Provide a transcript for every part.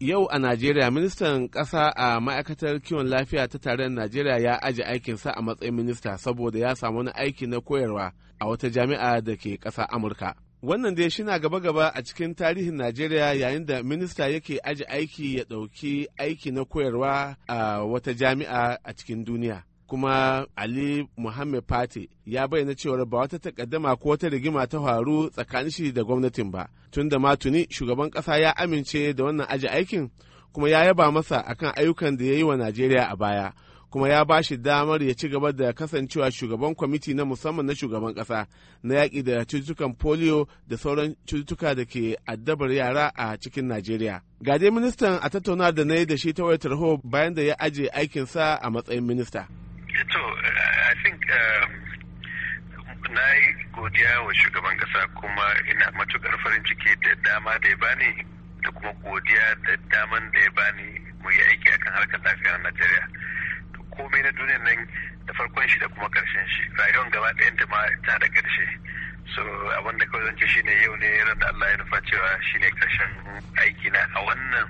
Yau a Najeriya ministan kasa a ma'aikatar kiwon lafiya ta tarayyar Najeriya ya aji aikinsa a matsayin minista saboda ya samu wani aiki na koyarwa a wata jami'a da ke ƙasa Amurka. Wannan dai shi na gaba-gaba a cikin tarihin Najeriya yayin da minista yake aji aiki ya ɗauki aiki na koyarwa a wata jami'a a cikin duniya. kuma ali muhammed pate ya bayyana cewar ba wata takaddama ko wata rigima ta faru tsakanin shi da gwamnatin ba tun da ma tuni shugaban kasa ya amince da wannan aji aikin kuma ya yaba masa akan ayyukan da ya yi wa najeriya a baya kuma ya ba shi damar ya ci gaba da kasancewa shugaban kwamiti na musamman na shugaban kasa na yaƙi da cututtukan polio da sauran cututtuka da ke addabar yara a cikin najeriya ga dai ministan a tattauna da na yi da shi ta wayar bayan da ya aje aikinsa a matsayin minista to uh, i think um, na yi godiya wa shugaban kasa kuma ina matukar farin ciki da dama da ya bani da kuma godiya da daman da ya bani mu yi aiki akan harkar lafiya na najeriya komai na duniya nan da farkon shi da kuma karshen shi rayuwar gaba ɗayan da ma ta da karshe so abin da kawai zance shine yau ne ran da Allah ya nufa cewa shine karshen aiki na a wannan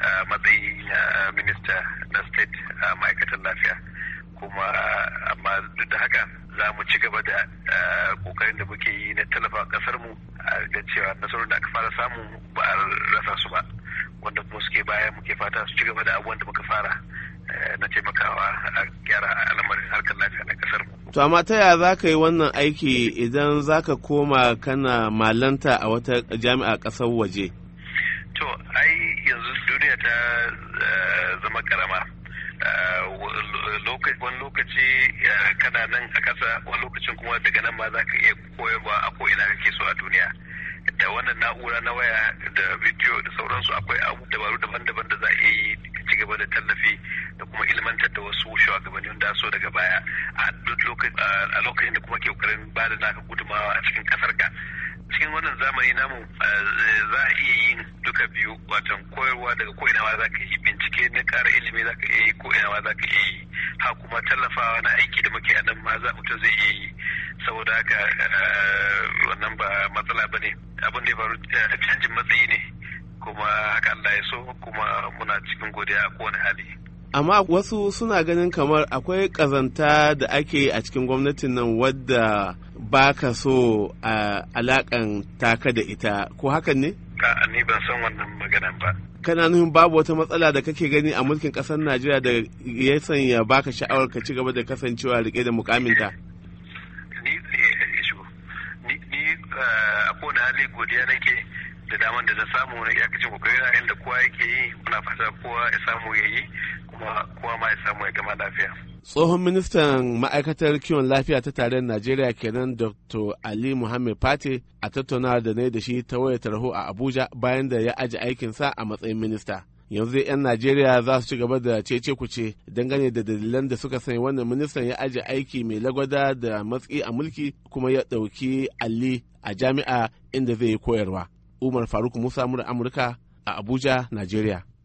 uh, matsayi na minista na state a uh, ma'aikatan lafiya kuma amma duk da haka za mu ci gaba da eh, kokarin da muke yi na tallafa kasar mu eh, da cewa nasarar da aka fara samu ba a rasa su ba wanda kuma suke baya muke fata su ci gaba da abubuwan da muka fara eh, na taimakawa a gyara al'amarin harkar lafiya na kasar mu. To amma ta yaya za ka yi wannan aiki idan za ka koma kana malanta a wata jami'a kasar waje? To ai yanzu duniya ta zama karama. Eh, wani lokaci eh, kana nan a ƙasa wani lokacin kuma daga nan ma za ka iya koyarwa a ko'ina kake so a duniya da wannan na'ura na waya da bidiyo da sauransu akwai abu dabaru daban-daban da za a yi ci gaba da tallafi da kuma ilmantar da wasu shugabanni da so daga baya a lokacin da kuma ke ƙoƙarin ba da naka gudumawa a cikin kasar ka cikin wannan zamani namu eh, za a iya yin duka biyu watan koyarwa daga ko'ina ma za ka yi ke na ƙara ilimi za ka yi ko inawa za ka yi ha kuma tallafawa na aiki da muke a nan ma za mutum zai iya yi saboda haka eh, wannan ba matsala ba ne abin da ya faru eh, canjin matsayi ne kuma haka Allah ya so kuma muna cikin godiya a kowane hali. amma wasu suna ganin kamar akwai kazanta da ake a cikin gwamnatin nan wadda ba ka so a eh, alakan taka da ita ko hakan ne? A'a ni ban san wannan maganan ba. Kana nuhin babu wata matsala da kake gani a mulkin ƙasar Najeriya da ya sanya baka sha'awar ka ci gaba da kasancewa rike da mukaminta? Ni ni eh, eh, eh, a kona hali godiya nake da daman da na samu na kace kokari na yadda kowa yake yi muna fata kowa ya samu ya yi kuma kowa ma ya samu ya gama lafiya. Tsohon ministan ma'aikatar kiwon lafiya ta tarayyar Najeriya kenan Dr. Ali muhammed Fate a tattaunawa da na da shi ta waya tarho a Abuja bayan da ya aji aikinsa a matsayin minista. yanzu 'yan najeriya za su ci gaba da cece kuce dangane da dalilan da suka sanya wannan ministan ya ajiye aiki mai lagwada da matsi a mulki kuma ya ɗauki alli a jami'a inda zai yi koyarwa Umar Faruk Musa Amurka a Abuja, Najeriya.